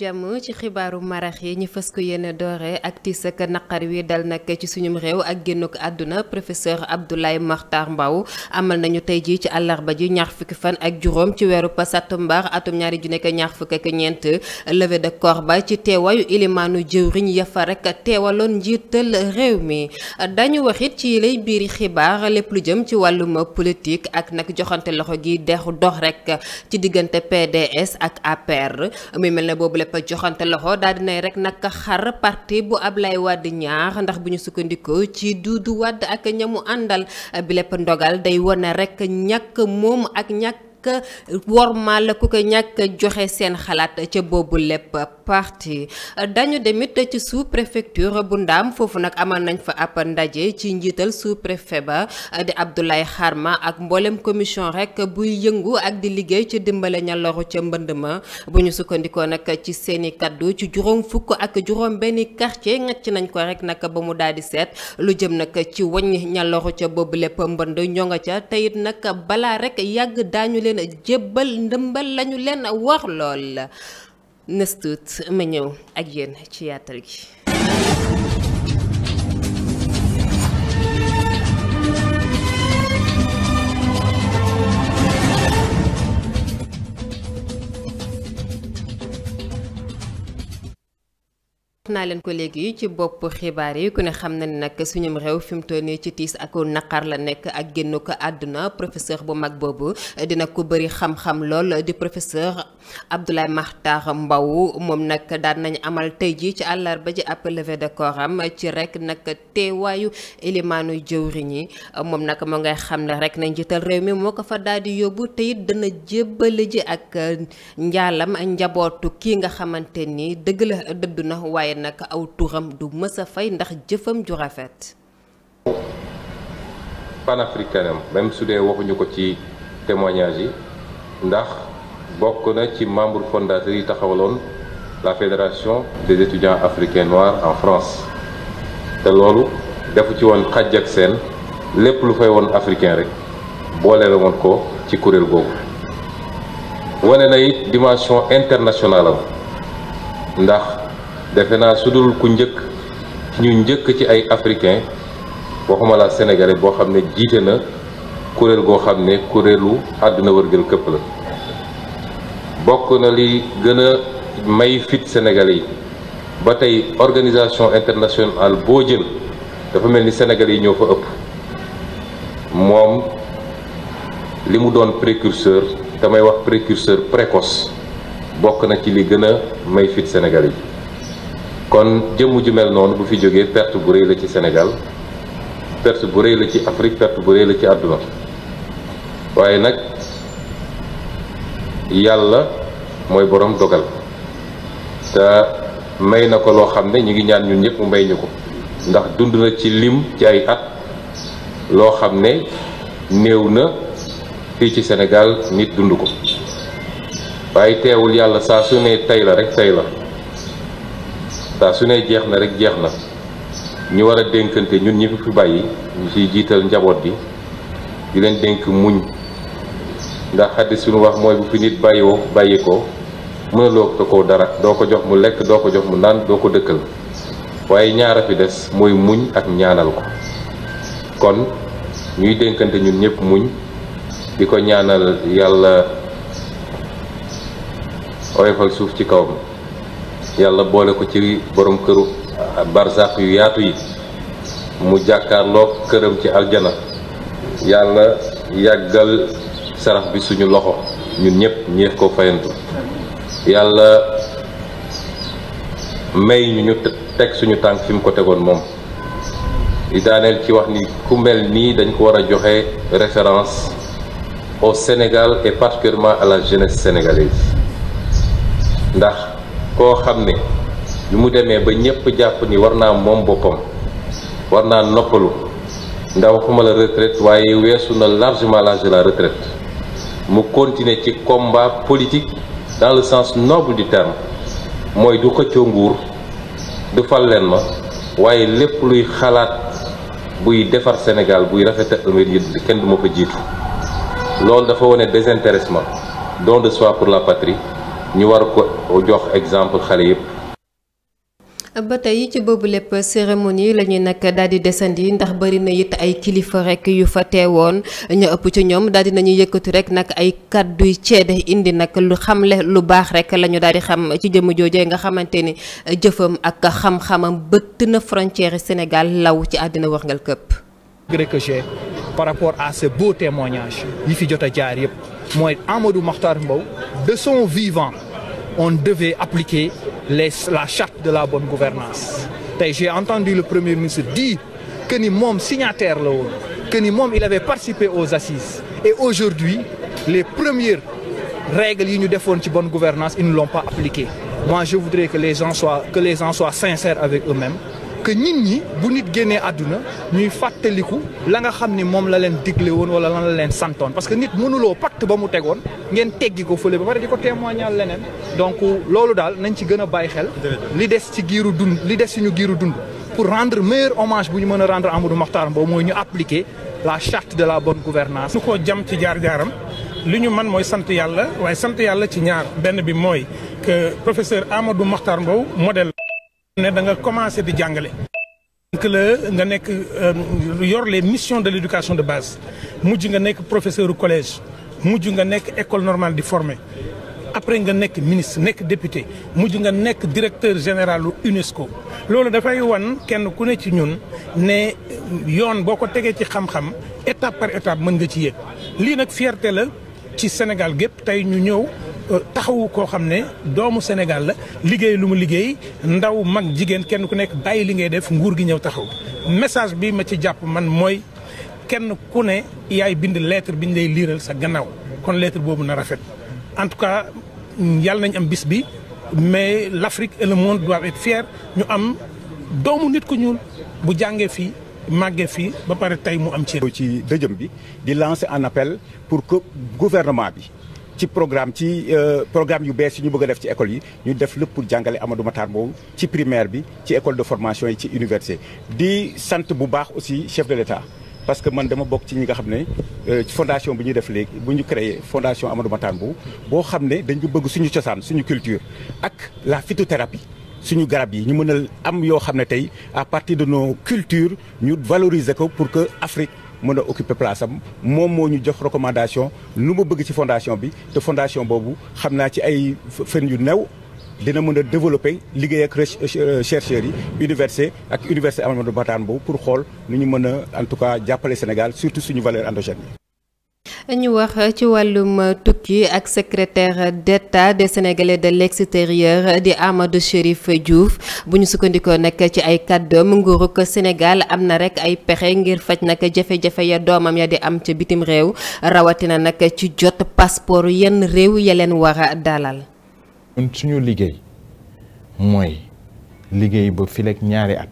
jàmm ci xibaaru marax yi ñu fës ko yéen a doore ak tiis ak naqar wi dal nag ci suñum réew ak génnuk àdduna professeur Abdoulaye Makhtar Mbow amal nañu tey ji ci àllarba ji ñaar fukki fan ak juróom ci weeru satumbar atum ñaari ju nekk ñaar fukk ak ñeent levée de corps ba ci teewaayu ilimaanu jëwriñ ya fa rek teewaloon njiital réew mi dañu wax it ci lay biiri xibaar lépp lu jëm ci wàllum politique ak nag joxante loxo gi dexu dox rek ci diggante PDS bépp joxante loxo daal dinay rek nag xar parti bu ab Ablaye Wade ñaax ndax bu ñu sukkandikoo ci Doudou wadd ak ñamu àndal bi lépp ndogal day wane rek ñàkk moom ak ñàkk wormaal ku ko ñàkk joxe seen xalaat ca boobu lépp parti dañu demit ci sous préfecture bu ndam foofu nag amal nañ fa ab ndaje ci njiital sous préfet ba di abdoulaye xarma ak mbolem commission rek buy yëngu ak di liggéey ci dimbale ña loru ca mbënd ma bu ñu sukkandikoo nag ci seeni kaddu ci juróom fukk ak juróom benn quartier ngacc nañ ko rek nag ba mu daal di lu jëm nag ci wàññi ña loru ca boobu mbënd ca rek leen ndëmbal lañu leen nës tuut ma ñëw ak yenn ci yaatal gi. naa leen ko léegi ci bopp xibaar yi ku ne xam na ne nag suñum réew fi mu toll nii ci aduna ak naqar la nekk ak génn ko professeur bu mag dina ko xam-xam di professeur Abdoulaye Makhtar Mbow moom nag daan nañ amal tey ji ci àllarba ji ab levée de corps am ci rek nag teewaayu élimaanu jëwriñ yi moom nag moo ngay xam ne rek nañ jiital réew mi moo ko fa ji ak njaalam nga ni la dëdd na nak aw touram du meusa fay ndax jëfam ju rafet. panafricain am même soudé waxuñu ko ci témoignage yi ndax bokk na ci membre fondateur yi taxawaloon la fédération des étudiants africains noirs en France té lolu defu ci won xajjak sen lepp lu fay won africain rek bolé la woon ko ci kuréel gogou woné na it dimension internationale ndax defe naa su dul ku njëkk ñu njëkk ci ay africain waxuma la sénégalais boo xam ne jiite na kuréel goo xam ne kuréelu àdduna wërgël këpp la bokk na li gën a may fit sénégalais yi ba tey organisation internationale boo jël dafa mel ni sénégalais yi ñoo fa ëpp moom li mu doon précurseur damay wax précurseur précoce bokk na ci li gën a may fit sénégalais yi kon jëmm ju mel noonu bu fi jógee perte bu rëy la ci senegal perte bu rëy la ci Afrique perte bu rëy la ci àdduna waaye nag yàlla mooy borom dogal te may na ko loo xam ne ñu ngi ñaan ñun ñëpp mu may ñu ko ndax dund na ci lim ci ay at loo xam ne néew na fii ci senegal nit dund ko waaye teewul yàlla saa su ne tey la rek tey la saa su ne jeex na rek jeex na ñu war a dénkante ñun ñi fi bàyyi ñu ciy jiital njaboot bi di leen dénk muñ ndax xaddis wax mooy bu fi bàyyi ko mënaloo ko dara doo ko jox mu lekk doo ko jox mu naan doo ko dëkkal waaye ñaar a des mooy muñ ak ñaanal ko kon ñuy dénkante ñun ñëpp muñ di ko ñaanal yàlla oyofal suuf ci kawam yàlla boole ko ci borom këru barzaq yu yaatu yi mu jàkkaarloog këram ci aljana yàlla yàggal sarax bi suñu loxo ñun ñëpp ñeex ko fayantu yàlla may ñu ñu teg suñu tànk fi mu ko tegoon moom di daaneel ci wax ni ku mel nii dañ ko war a joxe référence au Sénégal et particulièrement à la jeunesse sénégalaise ndax koo xam ne bi mu demee ba ñépp jàpp ni war naa moom boppam war naa noppalu ndax waxuma la retraite waaye weesu na largement l'âge de la retraite mu continuer ci komba politique dans le sens noble du terme mooy du xëccoo nguur du fal leen ma waaye lépp luy xalaat buy defar Sénégal buy rafetal mbir yi kenn du ma ko jiitu loolu dafa wane désintéressement don de soi pour la patrie ñu war ko jox exemple xale yëpp. ba tey ci boobu lépp cérémonie la ñuy nag daal di desandi ndax bëri na it ay kilifa rekk yu fa teewoon ñu ëpp ci ñoom daal di nañu yëkkati rek nag ay kàdduy ceede indi nag lu xamle lu baax rek lañu ñu daal di xam ci jëmm jooje nga xamante ni jëfam ak xam-xamam bëtt na frontière Sénégal law ci àddina wërngal këpp. par rapport à ce beau témoignage yi fi jot a jaar yëpp. en Amadou de son vivant on devait appliquer la charte de la bonne gouvernance j'ai entendu le premier ministre dire que ni signataire que il avait participé aux assises et aujourd'hui les premières règles de la bonne gouvernance ils ne l'ont pas appliqué moi je voudrais que les gens soient que les gens soient sincères avec eux-mêmes que nit ñi bu nit génnee àdduna ñuy fàttaliku la nga xam ni moom la leen digle woon wala lan la parce que nit mënuloo pacte ba mu tegoon ngeen teggi ko fële ba pare di ko témoignal leneen donc loolu dal nañ ci gën a xel li des ci giiru dund li des giiru dund pour rendre meilleur hommage bu ñu mën rendre Amadou Makhtar Mbow moy ñu appliquer la charte de la bonne gouvernance su ko jam ci jaar jaaram li ñu man mooy sant yàlla waaye sant yàlla ci ñaar bi que professeur Amadou Makhtar modèle ne da nga commencé di jangalé que le nga nek euh, yor les missions de l'éducation de base mujj nga nek professeur au collège mujj nga nek école normale di former après nga nek ministre nek député mujj nga nek directeur général u UNESCO. da fay wan kenn ku ne ci ñun né yoon boko ko ci xam-xam étape par étape mën nga ci yé li nak fierté la ci Sénégal gep tay ñu ñëw. taxawu koo xam ne doomu Sénégal la liggéey lu mu liggéey ndaw mag jigéen kenn ku nekk bàyyi li ngay def nguur gi ñëw taxaw message bi ma ci jàpp man mooy kenn ku ne yaay bind lettre bi ñu lay liiral sa gannaaw kon lettre boobu na rafet en tout cas yàlla nañ am bis bi mais l'Afrique et le monde doivent ñu am doomu nit ku ñuul bu jàngee fi màggee fii ba pare tey mu am ci. ci dëjëm bi di lancer en appel pour que gouvernement bi. ci programme ci euh, programme yu bees yi ñu bëgg def ci école yi ñu def lepp pour jàngale Amadou Matar Mbow ci primaire bi ci école de formation et ci université di sante bu baax aussi chef de l'État parce que man dama bok ci ñi nga xamné euh, ci fondation bi ñu def légui bu ñu créer fondation Amadou Matar Mbow boo xam ne dañu bëgg suñu ciosan suñu culture ak la phytothérapie suñu garab yi ñu mën am yo xamné tay à partir de nos cultures ñu valoriser ko pour que Afrique mëna occupé occuper place am mon moo ñu jox recommandation lu bëgg ci fondation bi te fondation bobu xamna ci ay fën yu new dina mëna développer liggéey ak euh, chercheurs yi université ak université Amadou Mahtar Mbow pour xool nu ñu mëna en tout cas jappalé Sénégal surtout suñu valeur endogène ñu wax ci wàllum tukki ak secretaire d'État de Sénégalais de l'extérieur di Amadou Chérif Diouf bu ñu sukkandikoo nag ci ay kàddoom nguurug Sénégal am na rek ay pexe ngir faj nag jafe-jafe ya doomam ya di am ca bitim réew rawatina nag ci jot passeport yenn réew ya leen war a dalal. suñu liggéey mooy liggéey ba fileeg ñaari at.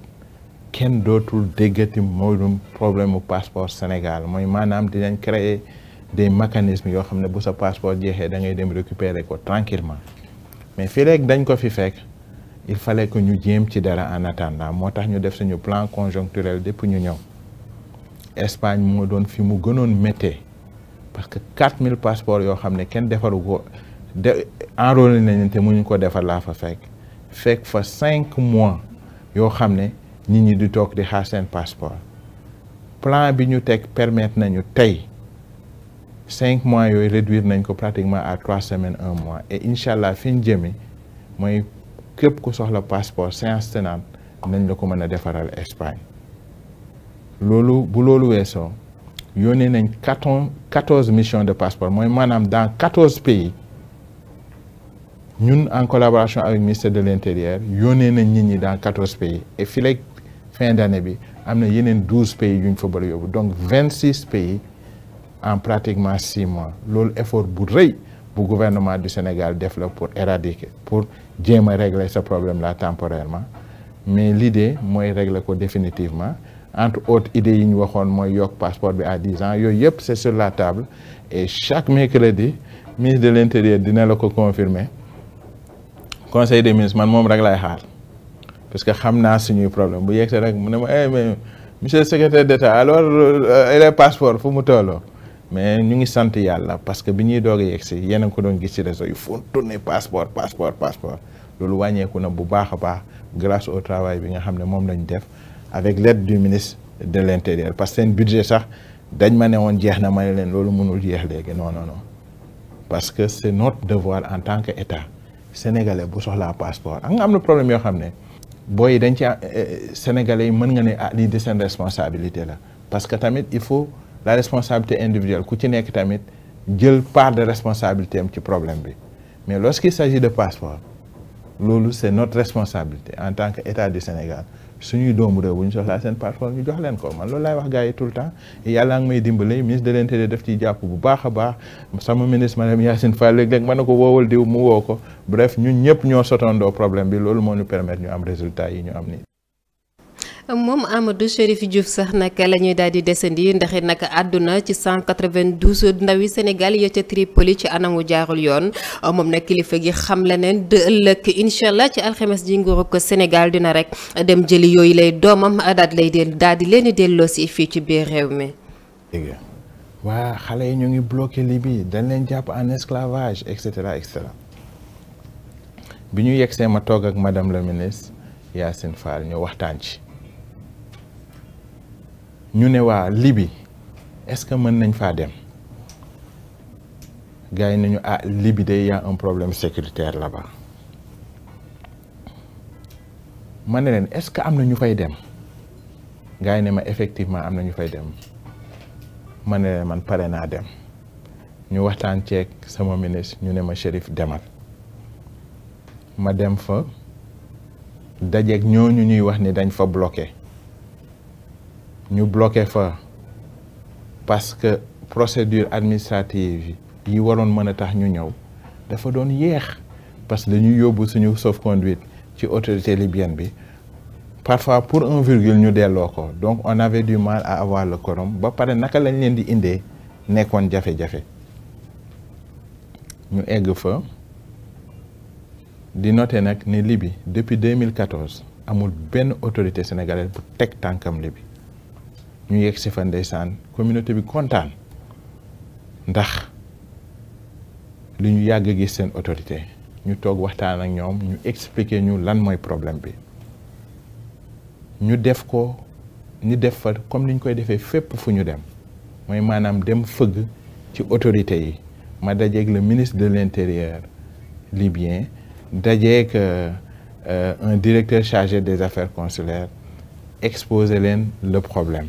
kenn dootul déggati mooy problème mu passeport Sénégal mooy maanaam dinañ créer des mécanismes yo xamné bu sa passeport jeexee da ngay dem récupérer ko tranquillement mais fii rek dañ ko fi fek il fallait que ñu jéem ci dara en attendant motax ñu def suñu plan conjoncturel depuis ñu ñëw Espagne mo doon fi mu gënon metté parce que 4000 passeports yo xamné ne kenn ko de enrôlé nañu te mënuñ ko défar la fa fek fek fa 5 mois yo xamné nit ñi du tok di xaar seen passeport plan bi ñu tek permettre nañu tay cinq mois yooyu réduire nañ ko pratiquement à trois semaines un mois et incha allah fi ñu mooy képp ku soxla passeport séance tenante nañ la ko mën a defaral Espagne loolu bu loolu weesoo yónnee nañ quatorze quatorze missions de passeport mooy maanaam dans quatorze pays ñun en collaboration avec ministère de l' intérieur yónnee nañ nit ñi dans quatorze pays et fii fin d' année bi am na yeneen douze pays yuñ fa bëri yóbbu donc vingt six pays. en pratiquement six mois l'effort effort bu le gouvernement du Sénégal pour éradiquer pour régler ce problème là temporairement mais l'idée je régler ko définitivement entre autres idées yi ñu waxoon mooy de passeport à 10 ans c'est sur la table et chaque mercredi le ministre de l'intérieur a confirmé. confirmé, Le conseil des ministres man moom rek xaar parce que xam naa problème bu problème. rek voyez, eh, monsieur le secrétaire d'État alors a il un les passeports faut mu tolloo mais ñu ngi sant yalla parce que bini ñuy doog a yegsi a ko doon gis ci réseau yi foo passeport passeport passeport loolu wàññeeku na bu baax a baax grâce au travail bi nga xam ne moom def avec l'aide du ministre de l'intérieur parce que seen budget sax dañ ma ne woon jeex na ma dit leen loolu jeex non non non parce que c'est notre devoir en tant que état sénégalais bu la passeport ak nga am problème yoo xam boy booy yi dañ ci eh, eh, sénégalais yi mën nga ne ah de responsabilité la parce que tamit il faut la responsabilité individuelle ku ci nekk tamit une part de responsabilité am problème bi mais lorsqu'il s'agit de passeport c'est notre responsabilité en tant que état du Sénégal Si nous réew des ñu soxlaa seen passeport ñu jox leen ko man loolu laay wax gars tout le temps Et yàlla ngi may le ministre de l'intérieur daf ciy jàpp bu baax a sama ministre madame Yacine Fall léeg-léeg mën na ko woowal diw mu woo ko bref ñun ñëpp ñoo sotandoo problème bi loolu moo ñu permettre ñu am résultat yi ñu am résultats. moom Amadou Chérif Diouf sax nag la ñuy daal di desandi ndax it nag àdduna ci 192 ndawi Sénégal ya ca Tripoli ci anamu jaarul yoon moom nag kilifa gi xam leneen ne de ëllëg incha allah ci alxames ji nguurug Sénégal dina rek dem jëli yooyu lay doomam daal lay del daal di leen di delloo si fii ci biir réew mi. waa xale yi ñu ngi bloqué Libye dañ leen jàpp en esclavage et cetera et cetera bi ñu yegsee ma toog ak madame la ministre Yacine Fall ñu waxtaan ci. ñu ne waa Libye est-ce que mën nañ faa dem gars yi nañu ah Libye de y a un problème sécuritaire la bas ma ne leen est-ce que am na ñu fay dem gars yi ne ma effectivement am na ñu fay dem ma ne leen man pare naa dem ñu waxtaan ceeg sama ministre ñu ne ma Chérif demal ma dem fa dajeeg ñooñu ñuy wax ni dañ fa bloqué nous bloqué parce que procédure administrative yi tax ñu ñëw dafa doon yéex parce que nous yóbbu suñu sauf conduite ci autorité libyenne parfois pour un virgule ñu ko donc on avait du mal à avoir le quorum ba avons naka lañ di jafe-jafe ñu egg fa di noter nag Libye depuis 2014 amul benn autorité sénégalaise bu teg tànkam Libye ñu yegg si fa ndeysaan communauté bi kontaan ndax li ñu yàgg gis autorité ñu toog waxtaan ak ñoom ñu expliquer ñu lan mooy problème bi ñu def ko ñu def fa comme niñ koy defee fépp fu ñu dem mooy maanaam dem fëgg ci autorité yi ma le ministre de l'intérieur libyen dajeeg euh, euh, un directeur chargé des affaires consulaires exposer leen le problème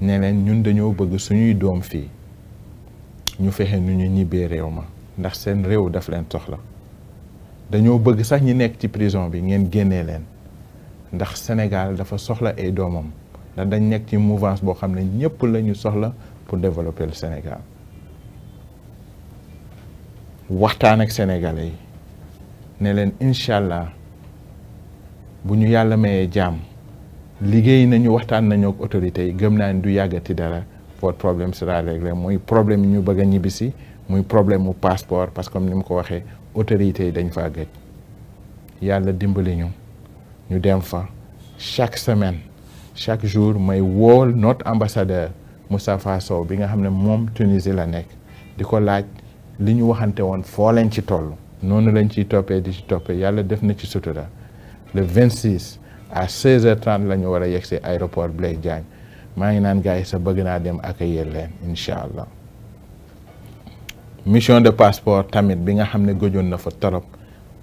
ne ñun dañoo bëgg suñuy doom fii ñu fexe nu ñu ñibbee réew ma ndax seen réew daf leen soxla dañoo bëgg sax ñi nekk ci prison bi ngeen génnee leen ndax Sénégal dafa soxla ay doomam ndax dañ nekk ci mouvance boo xam ne ñëpp la ñu soxla pour développer le Sénégal waxtaan ak sénégalais yi ne leen incha allah bu ñu yàlla mayee jàmm. liggéey nañu waxtaan nañu ak autorités yi gëm naa ni du yàggati dara votre problème sera réglé muy problème yi ñu bëgg a ñibbisi muy problème mu passeport parce que ni mu ko waxee autorités yi dañ faa gëj yàlla dimbali ñu ñu dem fa chaque semaine chaque jour may woo notre ambassadeur Moustapha Sow bi nga xam ne moom Tunisie la nekk di ko laaj li ñu waxante woon foo leen ci toll noonu lañ ciy toppee di ci toppee yàlla def na ci sutura le 26 à 16h30 la ñu war a yegg si aéroport Blaise Diagne maa ngi naan gars yi sa bëgg naa dem accueillir leen incha allah mission de passeport tamit bi nga xam ne gojoon na fa torop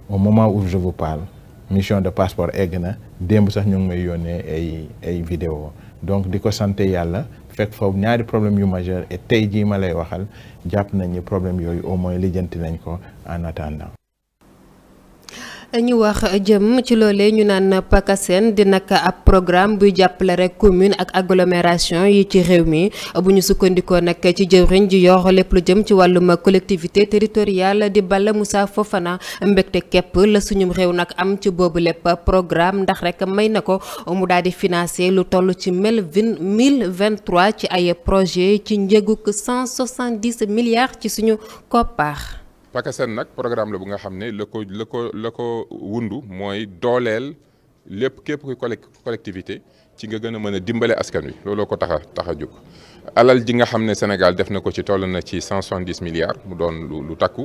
au moment où je vous parle mission de passeport egg na démb sax ñu ngi may yónnee ay ay vidéo donc di ko sant yàlla fekk foofu ñaari problème yu majeur et tey jii ma lay waxal jàpp nañ ni problème yooyu au moins lijjanti nañ ko en attendant. ñu wax jëm ci loolee ñu naan PACASEN di nag ab programme buy jàppale rek commune ak agglomération yi ci réew mi bu ñu sukkandikoo nag ci jëwriñ ji yor lépp lu jëm ci wàllum collectivité territoriale di Balla Moussa Fofana mbégte képp la suñu réew nag am ci boobu lépp programme ndax rek may na ko mu daal di financer lu toll ci mel mille vingt trois ci ay projet ci njëgug cent soixante dix milliards ci suñu koppar. PACASEN nag programme la bu nga xam le la ko la ko wundu moy dolel lepp képp kuy collectivité ci nga gëna mëna dimbalé askan wi looloo ko tax a tax a alal ji nga xamné Sénégal def na ko ci toll na ci 170 milliards mu don lu lu takku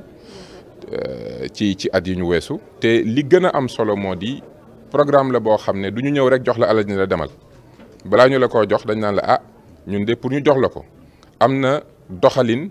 euh, ci ci ad yi ñu wessu té li gëna am solo modi programme la bo xamné duñu ñëw rek jox la alal ji la démal bala ñu la ko jox dañ nan la ah ñun dé pour ñu jox la ko amna na doxalin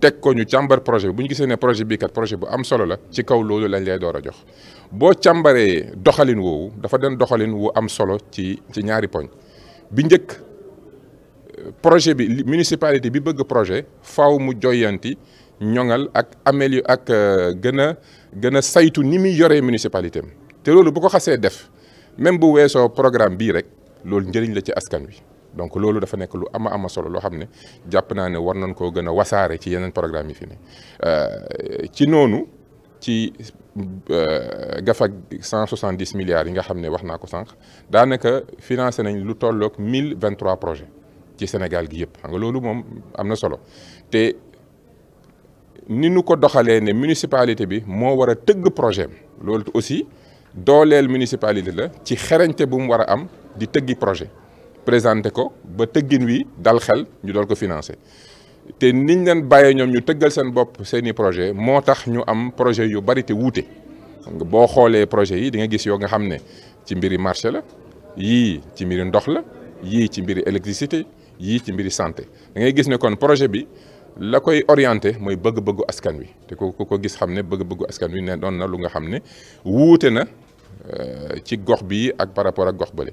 teg ko ñu projet bi bu projet bii kat projet bu am solo la ci kaw loolu lañ lay door jox boo càmbaree doxalin woowu dafa den doxalin wu am solo ci ci ñaari poñ projet bi municipalité bi bëgg projet faaw mu joyanti ñoŋal ak amélioré ak euh, gën gana saytu ni muy municipalité am bu ko def même bu weesoo programme Birek, rek loolu njëriñ la ci donc loolu dafa nek lu ama ama solo lo xam japp jàpp ne war nañ ko gëna wasaré ci yenen programme yi fi ne euh, ci noonu ci euh, gafak 170 milliards yi nga xam waxna ko sank da naka financer nañ lu tollok 1023 projets ci Sénégal gi yépp xam nga loolu mom amna solo te ni ko doxalee ne municipalité bi mo wara teug projet am aussi dolel municipalité la ci xerañte bu mu wara am di teugui projet présenté ko ba tëggin wi dal xel ñu dal ko financer té niñ leen bàyyee ñom ñu tëggal seen bop seeni projet motax ñu am projet yu bari té wuute xam nga boo xoolee projet yi di nga gis yo nga xamné ci mbiri marché la yi ci mbiri ndox la yi ci mbiri électricité yi ci mbiri santé da ngay gis né kon projet bi la koy orienter moy bëgg-bëggu askan wi té ko ko gis xamné ne bëgg-bëggu askan wi né don na lu nga xamné ne na euh, ci gox bi ak par rapport ak gox bële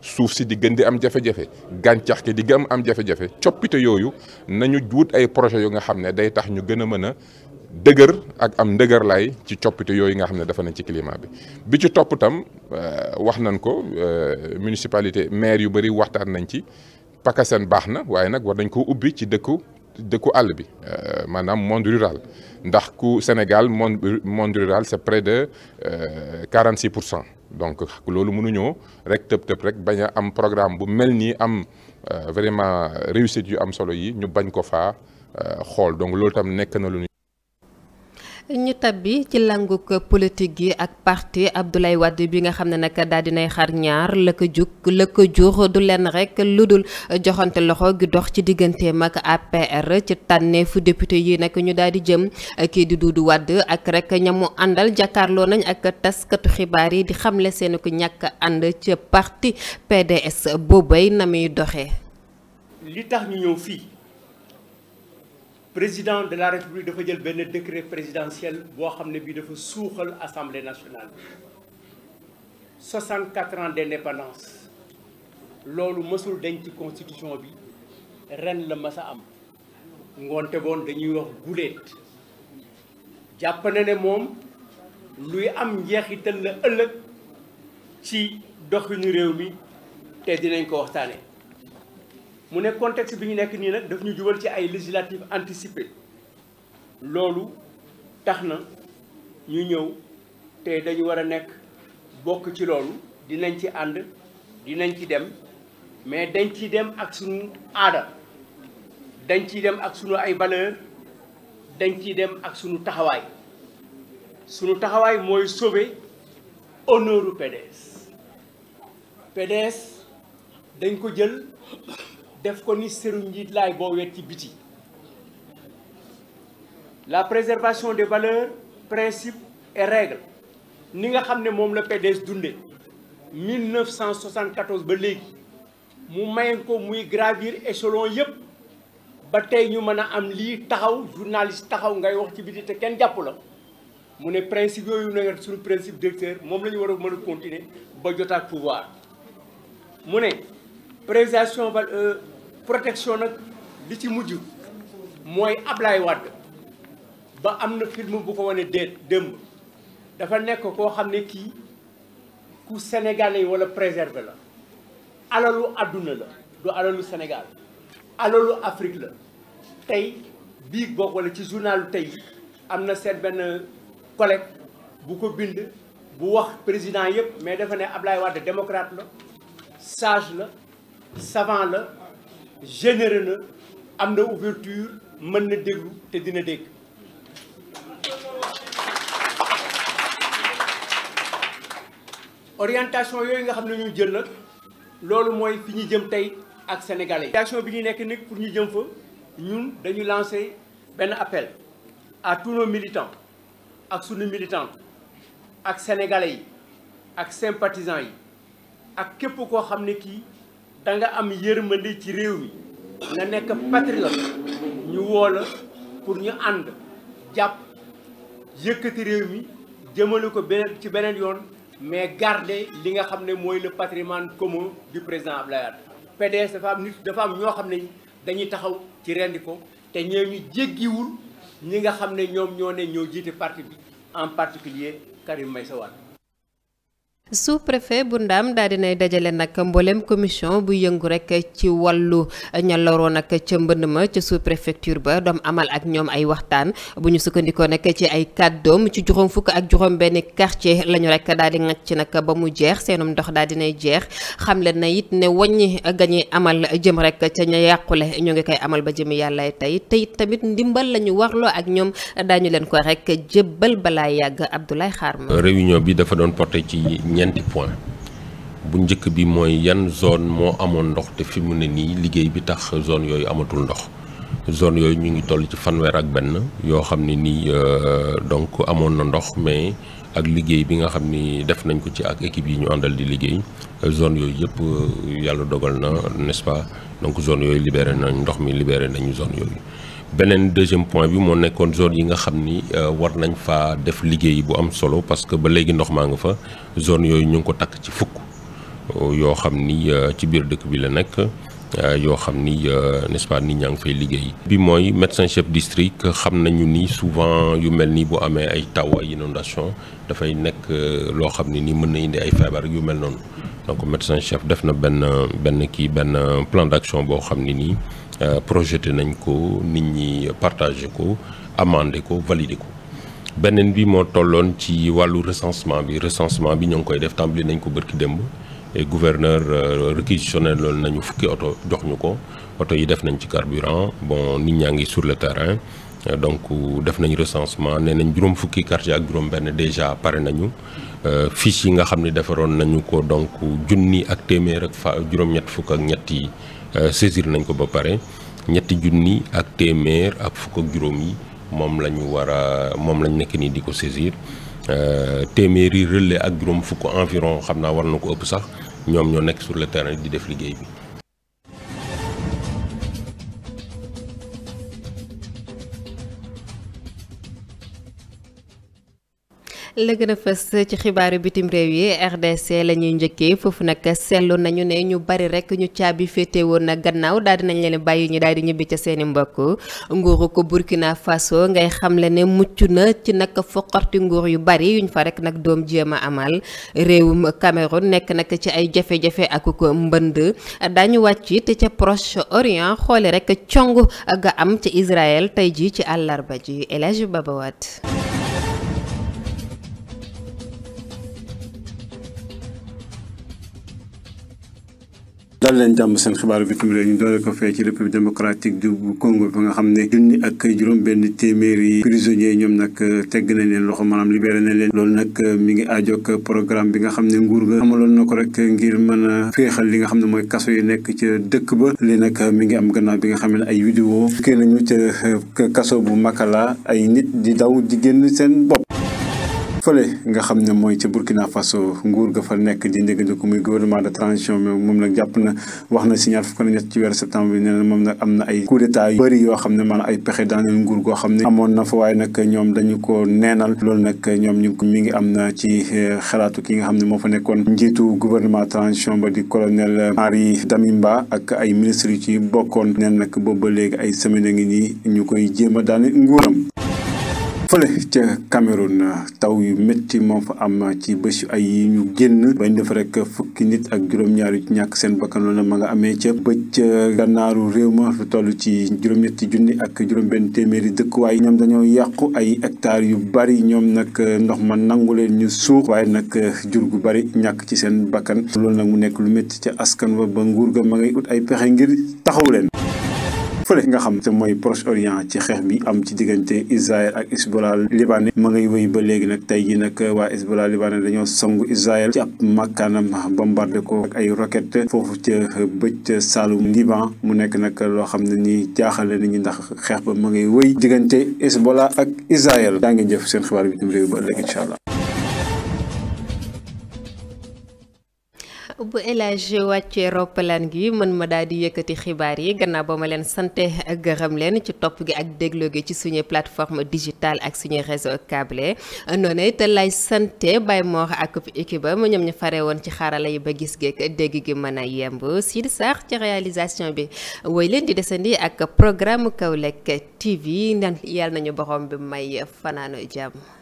suuf si di gën di am jafe-jafe gàncax gi di gën am jafe-jafe coppite yooyu nañu wut ay projet yu nga xam ne day tax ñu gën a mën a dëgër ak am ndëgër laay ci coppite yooyu nga xam ne dafa nañ ci climat bi bi ci topp tam euh, wax nañ ko euh, municipalité maire yu bëri waxtaan nañ ci PACASEN baax na waaye nag war dañ koo ubbi ci dëkku dëkku àll bi euh, maanaam monde rural ndax ku Sénégal monde monde rural c'est près de quarante 46 pour cent donc loolu mënuñoo rek tepp tepp rek baña am programme bu melni am euh, vraiment réussite yu am solo yi ñu bañ ko fa euh, xol donc loolu tam nek na lu ñu tabbi ci langug politique yi ak parti Abdoulaye wadd bi nga xam ne nag daal dinay xar ñaar la ko jug la du leen rekk lu dul joxante loxo gi dox ci digganteem ak APR ci fu député yi nag ñu daal di jëm kii di Doudou wadd ak rek ñamu àndal jàkkaarloo nañ ak taskatu xibaar yi di xamle seen ko ñàkk ànd ca parti PDS boobay na muy doxee. li tax ñu ñëw fii. président de la république dafa jël benn décret présidentiel boo xam de bii dafa assemblée nationale 64 ans d'indépendance loolu mësul denc ci constitution bi ren le mës a am ngoonte boon dañuy wax guleet jàpp na ne moom luy am njeexital le ëllëg ci doxinu réew mi te dinañ ko waxtaane mu ne contexte bi ñu nekk nii nag daf ñu jubal ci ay législatives anticipées loolu tax na ñu ñëw te dañu war a nekk bokk ci loolu dinañ ci ànd dinañ ci dem mais dañ ci dem ak suñu aada dañ ciy dem ak suñu ay valeur dañ ciy dem ak suñu taxawaay suñu taxawaay mooy sauver honneuru PDS PDS dañ ko jël def ko ni sëru njiit lay bo wet ci biti la préservation des valeurs principes et règles ni nga xamné mom moom la PDS dundé 1974 ba légui mu mayen ko muy gravir échelon yépp ba tay ñu mëna am li taxaw journaliste taxaw ngay wax ci biti té kenn jàpp la mu né principe yooyu na suñu principe directeur mom lañu wara mëna continuer ba jotta pouvoir mu né préservation euh, protection nag li ci mujj mooy Ablaye Wade ba am na film bu ko wane déet démb dafa nekk koo xam ne kii ku sénégalais yi wala préserver la alalu àdduna la du alalu Sénégal alalu Afrique la tey biig boog wala ci journalu tey am na seen benn collègue bu ko bind bu wax président yépp mais dafa ne Ablaye Wade démocrate la sage la savant la généreux le am ouverture mën na déglu té dina dégg orientation yooyu nga xamné ñu jël nag loolu mooy fi ñu jëm tay ak sénégalais action bi ñu nekk nek pour ñu jëm fa ñun dañu lancer ben appel à tous nos militants ak sunu militantes ak sénégalais ak sympathisants yi ak képp ko xamné ki te nga am yërmande ci réew mi nga nekk patriote ñu woola pour ñu ànd jàpp yëkkati réew mi jëmale ko beneen ci beneen yoon mais garder li nga xam ne mooy le patrimoine commun du président Abdoulaye Wade PDS dafa am nit dafa am ñoo xam ne dañuy taxaw ci rendi ko te ñoo ñu jéggiwul ñi nga xam ne ñoom ñoo ne ñoo jiite parti bi en particulier Karim Meïssa sawal sous-préfet bu Ndam daal nay dajale nag mboolem commission bu yëngu rek ci wàllu ña loroo nag ca mbënn ma ca sous-préfecture ba doom amal ak ñoom ay waxtaan bu ñu sukkandikoo nag ci ay kàddoom ci juróom fukk ak juróom benn quartier la ñu rek daal di ngacc nag ba mu jeex seenum ndox daal nay jeex xam leen na it ne wàññi gañi amal jëm rek ca ña yàqule ñoo ngi koy amal ba jëm yàlla tey te it tamit ndimbal la ñu warloo ak ñoom daañu leen ko rek jébbal balaa yàgg Abdoulaye Xaar ma réunion bi doon porté ci ñeenti point bu njëkk bi mooy yan zone moo amoon ndox te fi mu ne nii liggéey bi tax zone yooyu amatul ndox zone yooyu ñu ngi toll ci fanweer ak benn yoo xam ne nii euh, donc amoon na ndox mais ak liggéey bi nga xam ni def nañ ko ci ak équipe yi ñu àndal di liggéey euh, zone yooyu yëpp euh, yàlla dogal na n'est-ce donc zone yooyu libéré nañ ndox mi libéré nañu zone yooyu benen deuxième point bi mo nekkone zone yi nga xamni euh, war nañ fa def liguey bu am solo parce que ba légui ndox ma nga fa zone yoy ñu ko tak ci fukk euh, yo xamni euh, ci bir dëkk bi la nekk yo xamni n'est-ce pas nit ñaa ngi fay liguey bi moy médecin chef district xam nañu ni souvent yu melni bu amé ay taw ay inondation dafay nekk loo xam ni ni mën na indi ay fièvre yu mel non donc médecin chef def na ben ben ki ben plan d'action bo xamni ni Euh, projeté nañ ko nit ñi partagé ko amendé ko validé ko beneen bi moo tolloon ci wàllu recensement bi recensement bi ñoo ngi koy def tàmbali nañ ko bërki démb et gouverneur euh, réquisitionné loolu nañu fukki oto jox ñu ko oto yi def nañ ci carburant bon nit ñaa ngi sur le terrain euh, donc def nañ recensement nee nañ juróom fukki quartier ak juróom benn déjà pare nañu fiche yi nga xam ne defaroon nañu ko donc junni ak téeméer ak fa juróom-ñett fukk ak ñett yi Euh, saisir nañ ko ba pare ñetti junni ak téeméer ak fukk ak juróom yi moom la ñu war a moom lañ nekk nii di ko saisir euh, téeméeri relais ak juróom fukk environ xam naa war na ko ëpp sax ñoom ñoo nekk sur le terrain di def liggéey bi. la na a fës ci xibaaru bitim réew yi RDC la ñuy njëkkee foofu nag seetlu nañu ne ñu bari rek ñu caabi féete woon na gannaaw daal di nañ leen bàyyi ñu daal di ñibbi ca seeni mbokk nguuru ko Burkina Faso ngay xamle ne mucc na ci nag foqarti nguur yu bari yuñ fa rek nag doom jéema amal réewum Cameroun nekk nag ci ay jafe-jafe ak ko mbënd dañu wàcc it ca Proche-Orient xoole rek cong ga am ci Israël tey ji ci àllarba ji El Hadj Babawaat dal leen jàmm seen xibaaru bitim réew ñu doole ko fee ci république démocratique du Congo bi nga xam ne junni ak juróom benn téeméeri prisonniers ñoom nag tegg nañ leen loxo maanaam libéré nañ leen loolu nag mi ngi ajook programme bi nga xam ne nguur ga amaloon na ko rek ngir mën a féexal li nga xam ne mooy kaso yi nekk ca dëkk ba li nag mi ngi am gannaaw bi nga xam ne ay vidéo tukkee ñu ca kaso bu Makala ay nit di daw di génn seen bopp fële nga xam ne mooy ca Burkina Faso nguur ga fa nekk di njëgandiku muy gouvernement de transition moom nag jàpp na wax na si ñaar fukk na ñett ci weer septembre bi nee na moom nag am na ay coup d'état yu bëri yoo xam ne maanaam ay pexe daaneel nguur goo xam ne amoon na fa waaye nag ñoom dañu ko neenal loolu nag ñoom ñu ko mi ngi am na ci eh, xalaatu ki nga xam ne moo fa nekkoon njiitu guvernement transition ba di colonel eh, Henri Damimba ak ay ministre yu ci bokkoon neen nag boobu ba léegi ay semaine a ngi nii ñu koy jéem a daaneel nguuram fële ca Cameroun taw yu métti moo fa am ci bés yu ay yi ñu génn bañ def rek fukki nit ak juróom-ñaar yu ñàkk seen bakkan loolu ma nga amee ca bëj gannaaru réew ma toll ci juróom-ñetti ak juróom téeméeri dëkkuwaay ñoom dañoo yàqu ay hectares yu bari ñoom nag ndox ma nangu leen ñu suux waaye nag jur gu bari ñàkk ci seen bakkan loolu nag mu nekk lu métti ca askan wa ba nguur ga ma ngay ut ay pexe ngir taxaw leen fële nga xam te moy proche orient ci xex bi am ci diggante Israël ak Hezbollah libanais ma ngay wéy ba légui nak tay ji nak wa Hezbollah libanais dañoo songu Israël ci ab makkaanam bombardé ko ak ay roquette fofu ci bëj saalum liban mu nek nak lo xam ne ni jaaxale ñi ndax xex ba ma ngay wéy diggante Hezbollah ak Israël da nga jëf seen xibaar bi bitim réew ba légui inshallah bu El Hadj wàccee roppalaan gi mën ma daal di yëkkati xibaar yi gannaaw ba ma leen sante ak gërëm leen ci topp gi ak dégloo gi ci suñuy plateforme digitale ak suñuy réseau câblé noonu it lay sante bay Mor ak équipe ba ñoom ñu fare woon ci xarala yi ba gis geeg dégg gi mën a yemb Sidi Sarr ci réalisation bi woy leen di desandi ak programme Kaolack TV nan yàlla nañu borom bi may fanaano jàmm